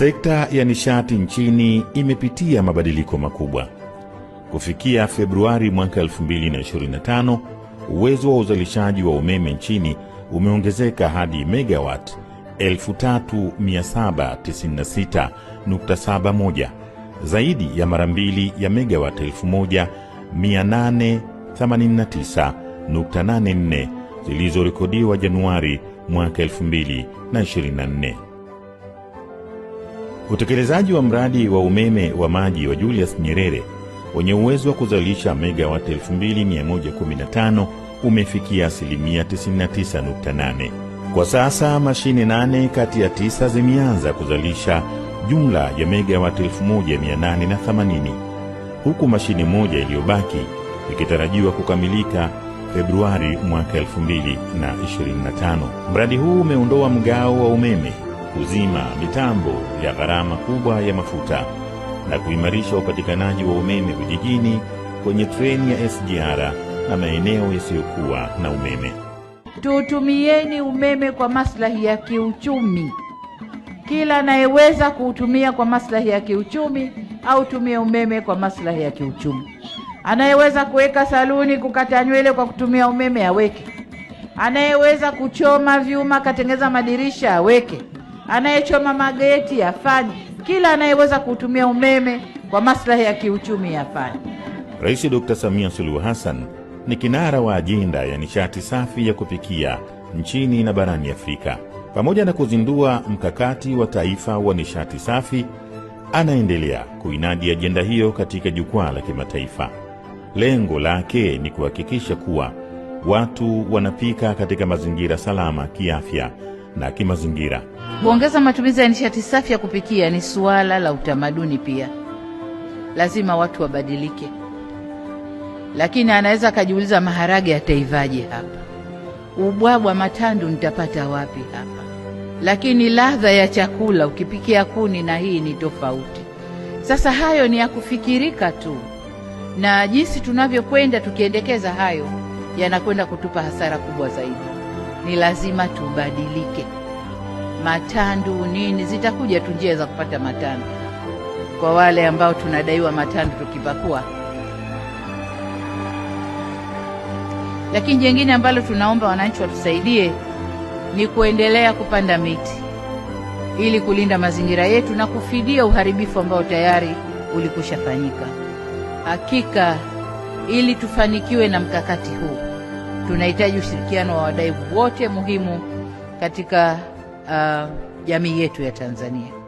Sekta ya nishati nchini imepitia mabadiliko makubwa. Kufikia Februari mwaka 2025, uwezo wa uzalishaji wa umeme nchini umeongezeka hadi megawatt 3796.71, zaidi ya mara mbili ya megawatt 1889.84 zilizorekodiwa Januari mwaka 2024. Utekelezaji wa mradi wa umeme wa maji wa Julius Nyerere wenye uwezo wa kuzalisha megawati 2115 umefikia asilimia 99.8. Kwa sasa mashine nane kati ya tisa zimeanza kuzalisha jumla ya megawati 1880 huku mashine moja iliyobaki ikitarajiwa kukamilika Februari mwaka 2025. Mradi huu umeondoa mgao wa umeme kuzima mitambo ya gharama kubwa ya mafuta na kuimarisha upatikanaji wa umeme vijijini kwenye treni ya SGR na maeneo yasiyokuwa na umeme. Tuutumieni umeme kwa maslahi ya kiuchumi. Kila anayeweza kuutumia kwa maslahi ya kiuchumi au tumie umeme kwa maslahi ya kiuchumi. Anayeweza kuweka saluni, kukata nywele kwa kutumia umeme aweke. Anayeweza kuchoma vyuma, katengeza madirisha aweke anayechoma mageti afanye, kila anayeweza kuutumia umeme kwa maslahi ya kiuchumi afanye. Rais Dr. Samia Suluhu Hassan ni kinara wa ajenda ya nishati safi ya kupikia nchini na barani Afrika. Pamoja na kuzindua mkakati wa taifa wa nishati safi, anaendelea kuinadi ajenda hiyo katika jukwaa la kimataifa. Lengo lake ni kuhakikisha kuwa watu wanapika katika mazingira salama kiafya na kimazingira. Kuongeza matumizi ya nishati safi ya kupikia ni suala la utamaduni pia, lazima watu wabadilike. Lakini anaweza akajiuliza, maharage yataivaje hapa? Ubwabwa matandu nitapata wapi hapa? Lakini ladha ya chakula ukipikia kuni na hii ni tofauti. Sasa hayo ni ya kufikirika tu, na jinsi tunavyokwenda tukiendekeza hayo yanakwenda kutupa hasara kubwa zaidi ni lazima tubadilike. Matandu nini, zitakuja tu njia za kupata matandu kwa wale ambao tunadaiwa matandu tukipakua. Lakini jengine ambalo tunaomba wananchi watusaidie ni kuendelea kupanda miti ili kulinda mazingira yetu na kufidia uharibifu ambao tayari ulikushafanyika. Hakika ili tufanikiwe na mkakati huu tunahitaji ushirikiano wa wadau wote muhimu katika uh, jamii yetu ya Tanzania.